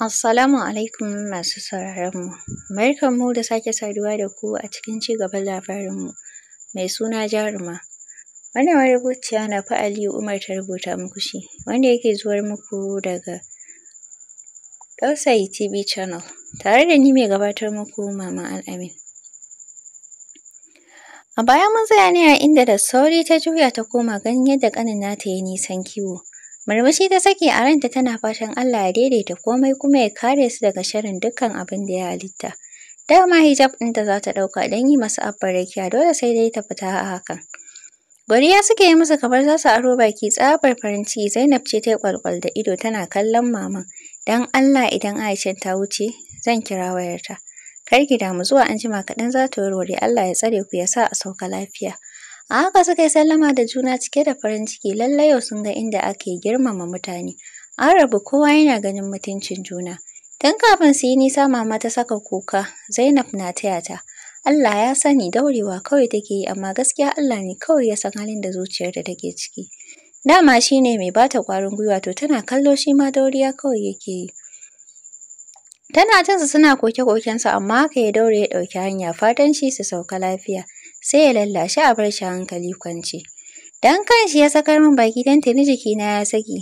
Assalamu alaikum masu sauraronmu. mu da sake saduwa da ku a cikin ci gaban labarinmu mai suna Jaruma. Wannan marubuciya fa Aliyu Umar ta rubuta muku shi wanda yake zuwar muku daga Dausayi TV Channel tare da ni mai gabatar muku Mama Al'amin. A baya mun tsaya ne a inda da sauri ta juya ta koma ganin yadda ƙanin nata ya nisan kiwo. Murmushi ta sake a ranta tana fatan Allah ya daidaita komai kuma ya kare su daga shirin dukkan abin da ya halitta. Dama hijab ɗinta za ta ɗauka don yi masu abbar rakiya dole sai dai ta fita a hakan. ya suke yi musu kamar za su aro baki tsabar farin ciki Zainab ce ta yi kwalkwal da ido tana kallon maman. don Allah idan Aisha ta wuce zan kira wayarta. Kar ki damu zuwa an jima kaɗan za ta warware Allah ya tsare ku ya sa a sauka lafiya. A haka suka yi sallama da juna cike da farin ciki lallai yau sun ga inda ake girmama mutane. An rabu kowa yana ganin mutuncin juna. Tun kafin su yi nisa mama ta saka kuka, Zainab na taya ta. Allah ya sani daurewa kawai take yi amma gaskiya Allah ne kawai ya san halin da zuciyar da take ciki. Dama shi ne mai bata kwarin gwiwa to tana kallo shi ma dauriya kawai yake yi. Tana jinsu suna koke-kokensu amma haka ya daure ya ɗauki hanya fatan shi su sauka lafiya. sai ya lallashi a bar hankali kwance. Dan kanshi ya sakar min baki dan tuni jikina ya saki.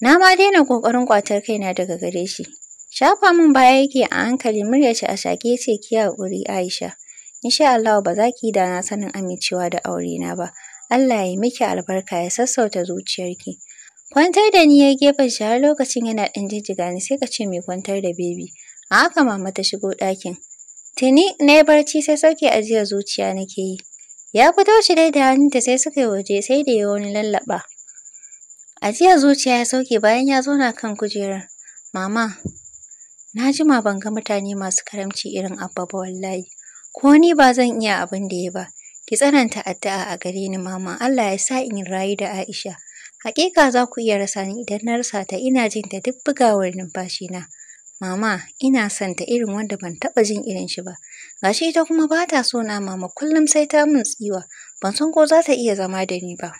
Na ma daina ƙoƙarin ƙwatar kaina daga gare shi. Shafa min baya yake a hankali murya ce a shaki ya ce ki haƙuri Aisha. Insha Allah ba za ki da na sanin amincewa da aure na ba. Allah ya yi miki albarka ya sassauta zuciyarki. Kwantar da ni ya gefen shi har lokacin yana ɗan jijjiga ni sai ka ce mai kwantar da bebi. A haka mama ta shigo ɗakin. Tuni na yi barci sai sauke ajiya zuciya nake yi. Ya fito shi dai da hannunta sai suka yi waje sai da ya wani lallaɓa. Ajiya zuciya ya sauke bayan ya zauna kan kujerar. Mama, na jima ban ga mutane masu karamci irin Abba ba wallahi. Ko ni ba zan iya abin da ya ba. Ki tsananta addu'a a gare ni mama. Allah ya sa in rayu da Aisha. Hakika za ku iya rasa ni idan na rasa ta ina jin ta duk bugawar numfashina. Mama, ina son ta irin wanda ban taɓa jin irin shi ba. Gashi ita kuma ba ta so na mama kullum sai ta min tsiwa. Ban san ko za ta iya zama da ni ba.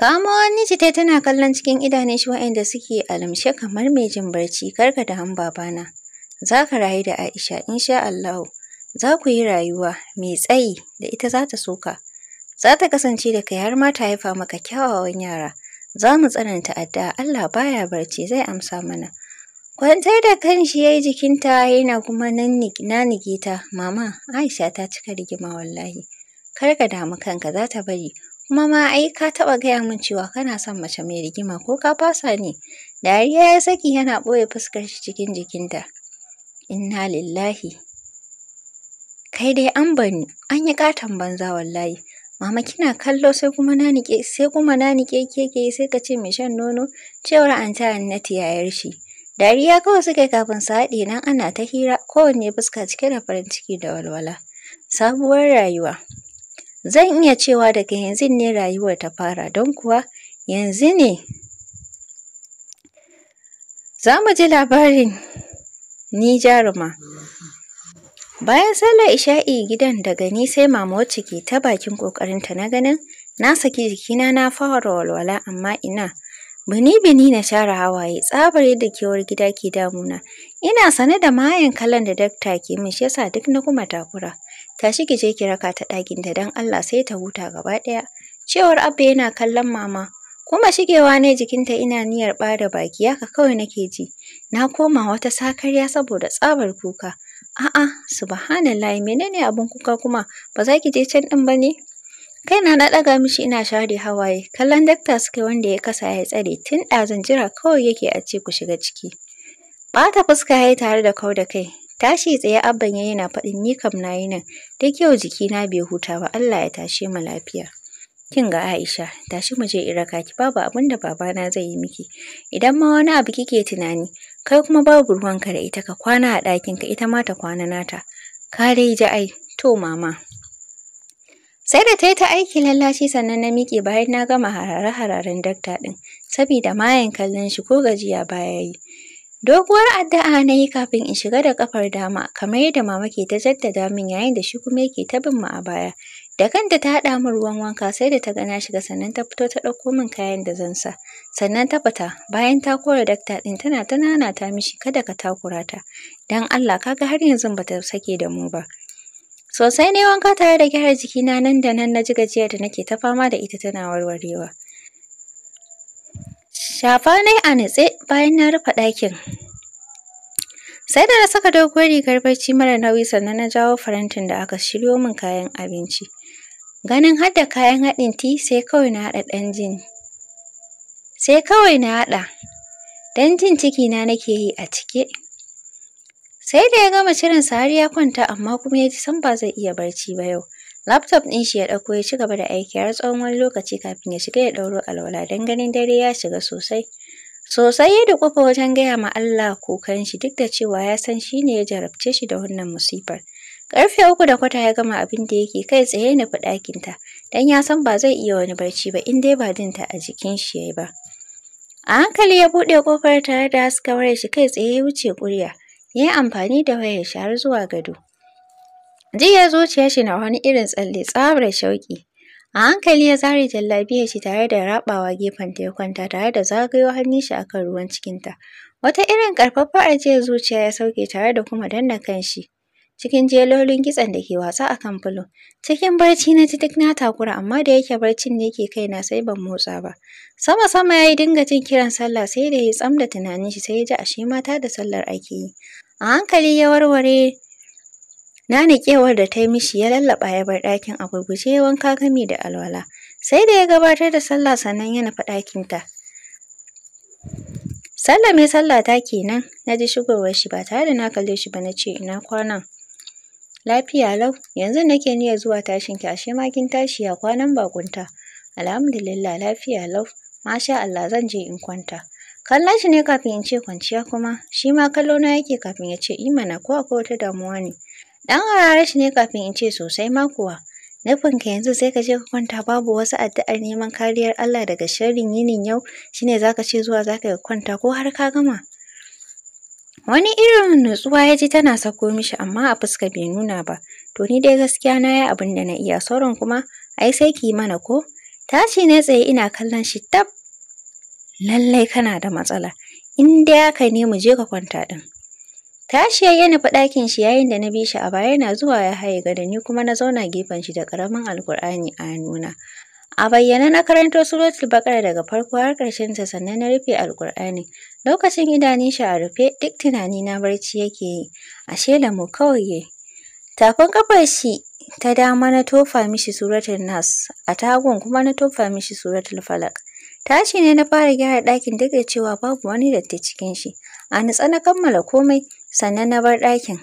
Kamo wani ce tana kallon cikin idanun shi waɗanda suke alamshe kamar mai jin barci karka da han babana. Za ka rayu da Aisha insha Allahu. Za ku yi rayuwa mai tsayi da ita za ta so ka. Za ta kasance da kai har ma ta haifa maka kyawawan yara. Za mu tsananta addu'a Allah baya barci zai amsa mana. Kwantar da kanshi ya yi jikinta yana kuma na ta, mama Aisha ta cika rigima wallahi. Kar ka damu kanka za ta bari, kuma ma ai ka taɓa gaya min cewa kana son mace mai rigima ko ka fasa ne. Dariya ya saki yana ɓoye fuskar shi cikin jikinta. Inna lillahi. Kai dai an bani, an yi ƙaton banza wallahi. Mama kina kallo sai kuma na nike sai kuma na keke sai ka ce mai shan nono cewar an anti annati yayar shi. Dariya kawai suka kafin su haɗe nan ana ta hira kowanne fuska cike da farin ciki da walwala. Sabuwar rayuwa. Zan iya cewa daga yanzu ne rayuwar ta fara don kuwa yanzu ne za mu ji labarin ni jaruma. Bayan sallar isha'i gidan daga ni sai mama wacce ke ta bakin ƙoƙarinta na ganin na saki jikina na fara walwala amma ina Bini-bini na share hawaye, tsabar yadda kewar gida ke damuna. Ina sane da mayan kallon da dakta ke min shi yasa duk na kuma takura. Tashi ki je ki raka ta ɗakin ta dan Allah sai ta huta gaba ɗaya. Cewar Abba yana kallon mama. Kuma shigewa ne jikinta ina niyyar bada baki haka kawai nake ji. Na koma wata sakarya saboda tsabar kuka. A'a, subhanallahi menene abin kuka kuma? Ba za ki je can ɗin ba ne? Kai na ɗaga mishi ina share hawaye, kallon dakta suka wanda ya kasa ya tsare tun ɗazun jira kawai yake a ce ku shiga ciki. Ɓata fuska ya yi tare da kau da kai, tashi tsaye abban ya yana faɗin ni kam na yi nan, duk yau jikina bai huta ba Allah ya tashe mu lafiya. Kin ga Aisha, tashi mu je Iraka ki babu abin da babana zai yi miki. Idan ma wani abu kike tunani, kai kuma babu ruwanka da ita ka kwana a ɗakinka ita ma ta kwana nata. Ka dai ji ai, to mama. Sai da ta yi ta aiki lallaci sannan na miƙe bayan na gama harare-hararen dakta ɗin, sabida mayan kallon shi ko gajiya baya yi. Doguwar addu'a na yi kafin in shiga da kafar dama, kamar yadda mama ke ta jaddada min yayin da shi kuma yake ta bin mu a baya. Da kanta ta haɗa min ruwan wanka sai da ta gana shiga sannan ta fito ta ɗauko min kayan da zan sa. Sannan ta fita, bayan ta kore dakta ɗin tana ta nanata mishi kada ka takura ta, don Allah ka ga har yanzu ba ta sake da mu ba. Sosai ne wanka tare da gyara jikina nan da nan na ji gajiyar da nake ta fama da ita tana warwarewa. Shafa ne a nutse bayan na rufe ɗakin. Sai da na saka doguwar rigar barci mara nauyi sannan na jawo farantin da aka shiryo min kayan abinci. Ganin har kayan haɗin ti sai kawai na haɗa ɗan jin. Sai kawai na haɗa. Dan jin cikina nake yi a cike. Sai da ya gama cirin shirin har ya kwanta amma kuma ya ji san ba zai iya barci ba yau. Laptop ɗin shi ya ɗauko ya ci gaba da aiki har tsawon wani lokaci kafin ya shiga ya ɗauro alwala don ganin dare ya shiga sosai. Sosai ya duƙufa wajen gaya ma Allah kukan shi duk da cewa ya san shi ne ya jarabce shi da wannan musifar. Ƙarfe uku da kwata ya gama abin da yake kai tsaye na fiɗakinta don ya san ba zai iya wani barci ba in dai ba jin ta a jikin shi ya ba. A hankali ya buɗe ƙofar tare da haskawar shi kai tsaye ya wuce ƙurya. ya yi amfani da wayar shi har zuwa gado. Jiya zuciya shi na wani irin tsalle tsabar shauƙi. A hankali ya zare jallabiyar shi tare da rabawa gefen ta ya kwanta tare da zagayo hannun shi akan ruwan cikinta. Wata irin ƙarfafa ajiyar zuciya ya sauke tare da kuma danna kanshi. cikin jelolin kitsen da ke wasa a kan filin. Cikin barci na ji duk na takura amma da yake barcin ne ke kaina sai ban motsa ba. Sama sama ya yi dinga jin kiran sallah sai da ya tsam da tunanin shi sai ya ji ashe mata da sallar ake yi. A hankali ya warware Na niƙewar da ta yi mishi ya lallaɓa ya bar ɗakin a gurguje wanka gami da alwala. Sai da ya gabatar da sallah sannan ya nufi ɗakinta. Sallah mai sallah ta kenan, na ji shigowar shi ba tare da na kalle shi ba na ce ina kwanan. Lafiya lau, yanzu nake niyyar zuwa tashin ki ashe ma kin tashi ya kwanan bakunta. Alhamdulillah lafiya lau, masha Allah zan je in kwanta. Kallon shi ne kafin in ce kwanciya kuma, shi ma kallo na yake kafin ya ce imana ko akwai wata damuwa ne. Dan harare shi ne kafin in ce sosai ma kuwa. Nufin ka yanzu sai ka je ka kwanta babu wasu addu'ar neman kariyar Allah daga sharrin yinin yau shine zaka ce zuwa zaka kwanta ko har ka gama. Wani irin nutsuwa ya ji tana sako mishi amma a fuska bai nuna ba. To ni dai gaskiya na yi abin da na iya sauran kuma ai sai ki mana ko? Tashi ne tsaye ina kallon shi tab. Lallai kana da matsala. In dai haka ne mu je ka kwanta din. Tashi ya nufi ɗakin shi yayin da na bi shi a baya yana zuwa ya haye gada ni kuma na zauna gefen shi da ƙaramin Alƙur'ani a nuna. A bayyane na karanto suratul Baqara daga farko har ƙarshen ta sannan na rufe Alƙur'ani. Lokacin idanun shi a rufe duk tunani na barci yake yi. Ashe mu kawai yayi. Tafin kafar shi ta dama na tofa mishi suratul Nas, a tagun kuma na tofa mishi suratul Falaq. Tashi ne na fara gyara ɗakin duk da cewa babu wani datti cikin shi. A nutsa na kammala komai sannan na bar ɗakin.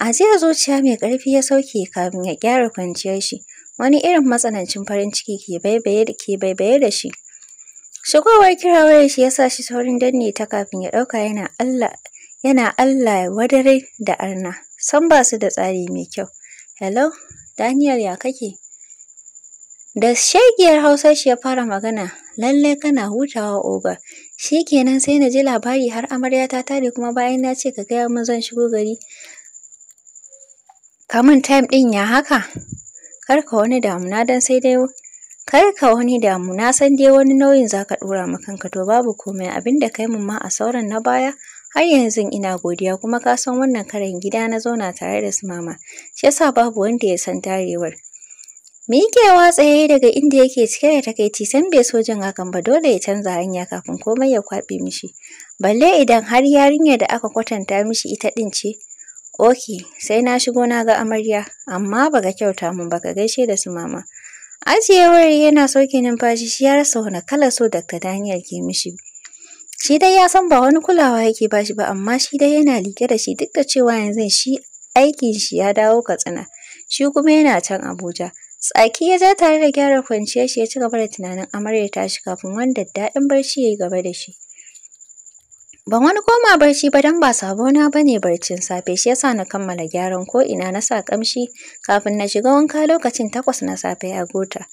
Ajiyar zuciya mai ƙarfi ya sauke kafin ya gyara kwanciyar shi. wani irin matsanancin farin ciki ke baibaye da ke baibaye da shi. Shigowar kira shi ya sa shi saurin danne ta kafin ya ɗauka yana Allah yana Allah wadare da arna. San ba su da tsari mai kyau. Hello, Daniel ya kake? Da shegiyar Hausa shi ya fara magana, lalle kana hutawa oga. Shi kenan sai na ji labari har amarya ta tare kuma bayan na ce ka gaya min zan shigo gari. Kamun time din ya haka? kar ka wani damuna don sai dai kar ka wani damuna san dai wani nauyin zaka dora ma kanka to babu komai abinda da kai mun ma a sauran na baya har yanzu ina godiya kuma ka san wannan karen gida na zauna tare da su mama shi yasa babu wanda ya san tarewar wa tsaye daga inda yake cike da takaici san bai so jin hakan ba dole ya canza hanya kafin komai ya kwaɓe mishi balle idan har yarinyar da aka kwatanta mishi ita ɗin ce Ok, sai na shigo na ga amarya, amma baka kyauta mun ka gaishe da su mama. Ajiye wuri yana sauke numfashi shi ya rasa wani kalar so Dr. Daniel ke mishi. Shi dai ya san ba wani kulawa yake ba shi ba amma shi dai yana like da shi duk da cewa yanzu shi aikin shi ya dawo Katsina. Shi kuma yana can Abuja. Tsaki ya je tare da gyara kwanciyar shi ya ci gaba da tunanin amaryar shi, kafin wanda daɗin barci ya yi gaba da shi. Ban wani koma barci ba don ba sabona ba ne barcin safe shi yasa na kammala gyaran ko ina na sa ƙamshi kafin na shiga wanka lokacin takwas na safe a gota.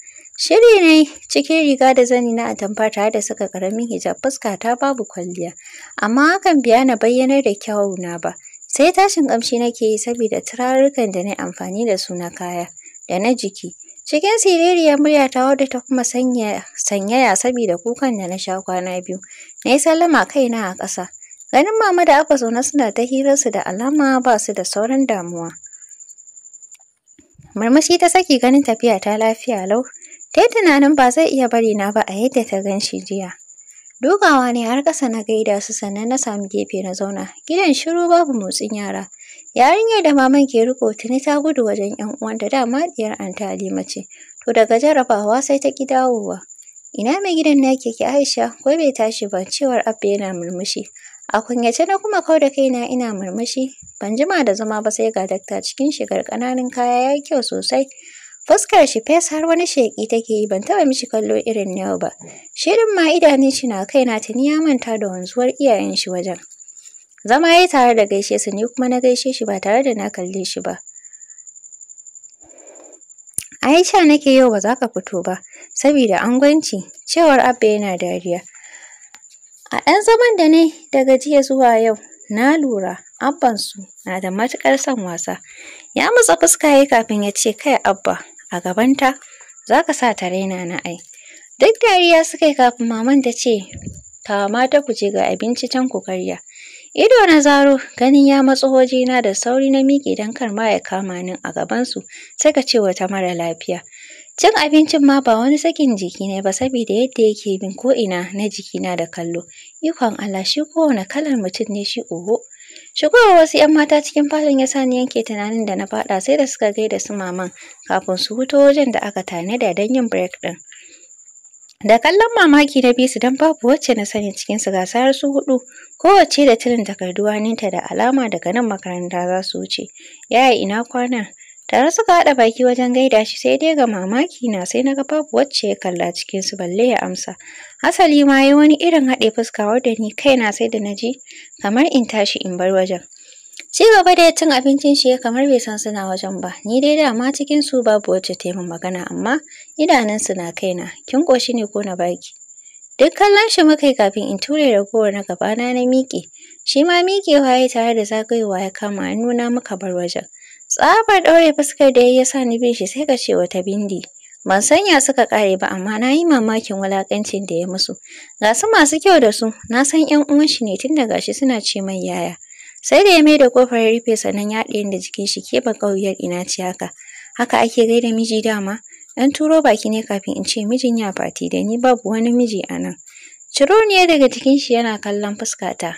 Shiri ne cikin riga da zani na atamfa tare da saka karamin hijab fuska ta babu kwalliya, amma hakan biya na bayyanar da kyau na ba. Sai tashin ƙamshi nake yi saboda turarukan da na amfani da su na kaya da na jiki. Cikin siririyar ta wadda ta kuma sanyaya saboda kukan da na sha kwana biyu, na yi sallama kaina a ƙasa. Ganin mama da abba zaune suna ta hirarsu da alama ba su da sauran damuwa. Murmushi ta saki ganin tafiya ta lafiya lau, ta yi tunanin ba zai iya bari na ba a yadda ta gan shi jiya. Dukawa ne har ƙasa na gaida su sannan na sami gefe na zauna, gidan shiru babu motsin yara. Yarinyar da maman ke riko tuni ta gudu wajen ‘yan uwanta dama diyar Anta Halima ce. To daga jarrabawa sai ta ki dawowa. Ina mai gidan naki ki Aisha ko bai tashi ba cewar Abba yana murmushi. A kunyace na kuma kau da kaina ina murmushi. Ban jima da zama ba sai ga dakta cikin shigar ƙananan kaya ya kyau sosai. Fuskar shi fes har wani sheƙi take yi ban taɓa mishi kallo irin nawa ba. Shirin ma idanun shi na kaina tuni ya manta da wanzuwar iyayen shi wajen. Zama ya yi tare da gaishe su ni kuma na gaishe shi ba tare da na kalle shi ba. Aisha nake yau ba za ka fito ba, saboda angwanci, cewar Abba yana dariya. A ɗan zaman da ne daga jiya zuwa yau, na lura abbansu na da matuƙar son wasa. Ya matsa fuska ya kafin ya ce kai Abba, a gabanta za ka sa ta raina na ai. Duk dariya suka yi kafin maman ta ce, tawa mata ku je ga abinci can ku karya. Ido na zaro, ganin ya matso na da sauri na miƙe don kar ma ya kama ni a gabansu, sai ka ce wata mara lafiya. Cin abincin ma ba wani sakin jiki ne ba saboda yadda yake bin ko ina na jikina da kallo. Ikon Allah shi kowane kalar mutum ne shi oho. shigowa wasu ‘yan mata cikin falon ya sa ni yanke tunanin da na faɗa sai da suka gaida su maman kafin su huto wajen da aka tanada don yin break ɗin. Da kallon mamaki na biyu su don babu wacce na sani cikin su gasar su hudu, kowace da tilin takardu ninta da alama daga nan makaranta za su wuce. Yaya ina kwana? Tare suka haɗa baki wajen gaida shi sai dai ga mamaki na sai na ga babu wacce ya kalla cikin su, balle ya amsa. Asali ma ya wani irin haɗe fuska wadda ni kai na sai da na ji kamar in tashi in bar wajen. Ci gaba da cin abincin shi kamar bai san suna wajen ba. Ni dai dama cikin su babu wacce ta yi min magana amma idanunsu na kaina. Kin ƙoshi ne ko na baki? Duk kallon shi muka yi kafin in ture ragowar na gaba na na miƙe. Shi ma miƙewa ya tare da zagayowa ya kama nuna muka bar wajen. Tsabar ɗaure fuskar da ya sa ni bin shi sai ka ce wata bindi. Ban sanya suka ƙare ba amma na yi mamakin wulaƙancin da ya musu. Ga su masu kyau da su, na san ‘yan uwan shi ne tun da gashi suna ce mai yaya. Sai da ya mai da kofar ya rufe sannan ya haɗe da jikin shi keɓe ƙauyar ina ci haka. Haka ake gaida miji dama? Ɗan turo baki ne kafin in ce mijin ya fati da ni babu wani miji a nan. Ciro ne daga cikin shi yana kallon fuskata.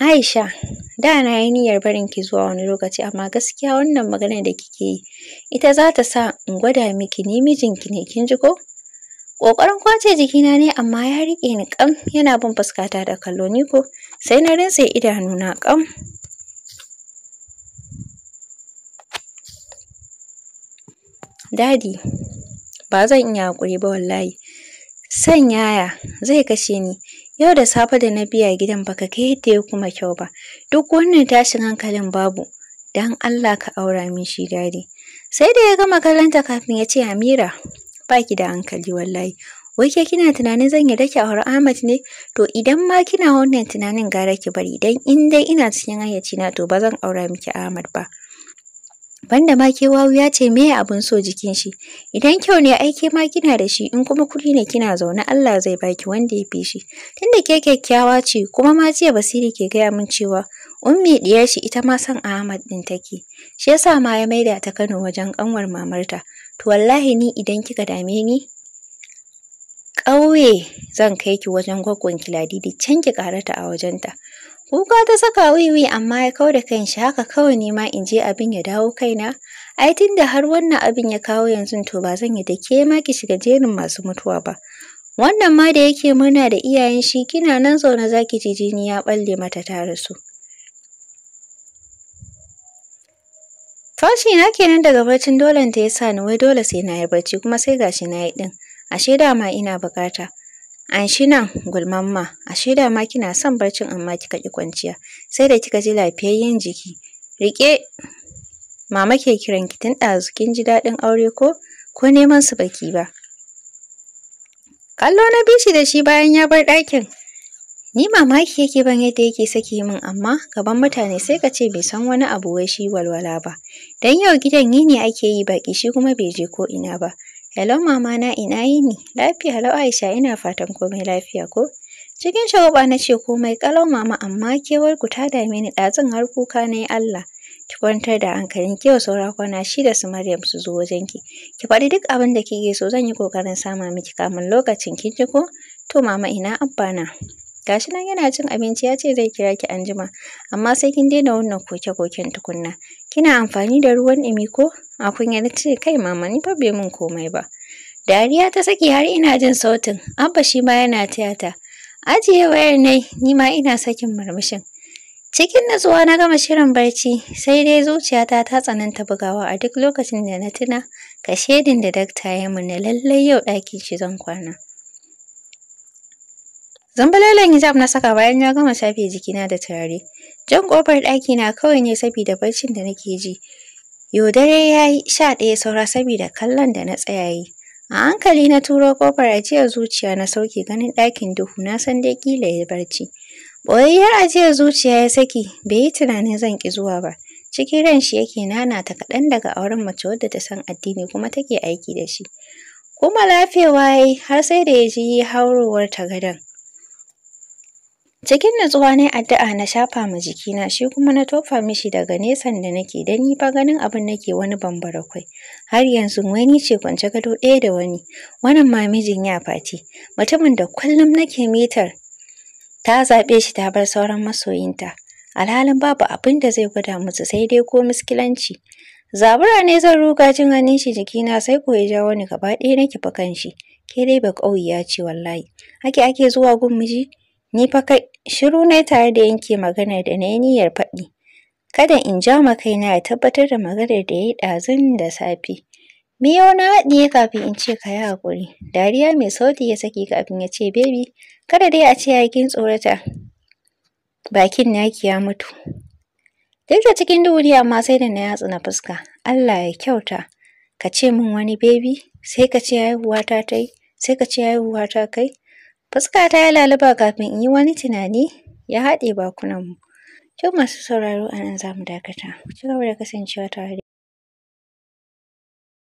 Aisha, da na yi niyyar barin ki zuwa wani lokaci amma gaskiya wannan maganar da kike yi ita za ta sa in gwada miki ni mijinki ne kin ji ko? Ƙoƙarin kwace jikina ne amma ya rike ni ƙam yana bin fuskata da kallo ni ko sai na rintse idanuna kam Dadi, ba zan iya hakuri ba wallahi. san yaya zai kashe ni. Yau da safe da na biya gidan baka kai yadda ya kuma kyau ba. Duk wannan tashin hankalin babu. Dan Allah ka aura min shi dadi. Sai da ya gama kallanta kafin ya ce Amira, baki da hankali wallahi. wai ke kina tunanin zan yarda ki Ahmad ne to idan ma kina wannan tunanin gara ki bari dan in dai ina cikin hayyaci na to ba zan aura miki Ahmad ba banda ma ke wawu ya ce meye abin so jikin shi idan kyau ne aike ma kina da shi in kuma kuri ne kina zaune Allah zai baki wanda ya fi shi tunda ke kyakkyawa ce kuma ma jiya basiri ke gaya mun cewa ummi diyar shi ita ma san Ahmad din take shi yasa ma ya maida ta Kano wajen kanwar mamarta to wallahi ni idan kika dame ni ƙauye zan kai ki wajen gwaggon Ladidi can ki ƙarata a wajenta. Kuka ta saka wiwi amma ya kau da shi haka kawai ne ma in je abin ya dawo kaina. Ai tun da har wannan abin ya kawo yanzu to ba zan yi da ke ma ki shiga jerin masu mutuwa ba. Wannan ma da yake murna da iyayen shi kina nan zaune za ki ji jini ya ɓalle mata ta rasu. Tashi na kenan daga barcin dolenta ya sa ni wai dole sai na yi barci kuma sai gashi na yi ɗin. ashe dama ina bukata an shi nan gulmamma ashe dama kina son barcin amma kika ki kwanciya sai da kika ji lafiyayyen jiki rike mama ke kiran ki tun ɗazu kin ji daɗin aure ko ko neman su baki ba kallo na bishi da shi bayan ya bar ɗakin Ni mamaki yake ban yadda yake saki min amma gaban mutane sai ka ce bai san wani abu wai shi walwala ba. Dan yau gidan yini ake yi baki shi kuma bai je ko ina ba. Hello mama na ina yini? Lafiya lau Aisha ina fatan komai lafiya ko? Cikin shagwaba na ce komai kalau mama amma kewar ku ta dame ni ɗazun har kuka na yi Allah. Ki kwantar da hankalin ki yau saura kwana shi da su Maryam su zo wajen ki. Ki faɗi duk abin da kike so zan yi ƙoƙarin sama miki kamin lokacin kin ji ko? To mama ina abba na? Gashi nan yana cin abinci ya ce zai kira ki anjima, amma sai kin daina wannan koke-koken tukunna. Kina amfani da ruwan ɗumi ko? A kunya na ce kai mama ni fa bai min komai ba. Dariya ta saki har ina jin sautin, Abba shi ma yana tiyata. Ajiye wayar ne, ni ma ina sakin murmushin. Cikin natsuwa na gama shirin barci, sai dai zuciyata ta tsananta bugawa a duk lokacin da na tuna kashedin da dakta ya mun na lallai yau ɗakin shi zan kwana. Zambalalen hijab na saka bayan na gama shafe jikina da turare. Jan ƙofar na kawai ne saboda barcin da nake ji. Yo dare ya yi sha ɗaya saura saboda kallon da na tsaya yi. A hankali na turo kofar ajiyar zuciya na sauke ganin ɗakin duhu na san dai ƙila ya barci. Ɓoyayyar ajiyar zuciya ya saki bai yi tunanin zan ƙi zuwa ba. Cikin ran shi yake nana ta kaɗan daga auren mace wadda ta san addini kuma take aiki da shi. Kuma lafewa yayi har sai da ya ji haurowar ta gadon. Cikin natsuwa na addu'a na shafa ma jikina shi kuma na tofa mishi daga nesan da nake dan ni fa ganin abin nake wani bambara kwai. Har yanzu wai ce kwance gado ɗaya da wani. Wannan ma mijin ya fati. Mutumin da kullum nake mitar ta zaɓe shi ta bar sauran masoyinta. Alhalin babu abin da zai gwada musu sai dai ko miskilanci. Zabura ne zan ruga jin hannun shi jikina sai ko ya jawo ni gaba ɗaya nake fakan shi. Ke dai ba ce wallahi. Ake ake zuwa gun miji? Ni fa kai, shiru na tare da yanke maganar da na yi niyyar faɗi. Kada in ja ma kaina ya tabbatar da maganar da ya yi ɗazun da safe. yau na haɗiye kafin in ce ka yi haƙuri. Dariya mai sauti ya saki kafin ya ce baby, kada dai a ce ya kin tsorata. Bakin naki ya mutu. Duk da cikin duniya amma sai da na yatsu na fuska. Allah ya kyauta. Ka ce min wani baby, sai ka ce ta ta yi, sai ka ce haihuwa ta kai. ta ya lalaba kafin in yi wani tunani ya haɗe bakunanmu. To masu sauraro a nan za mu dakata. Ku ci gaba da kasancewa tare da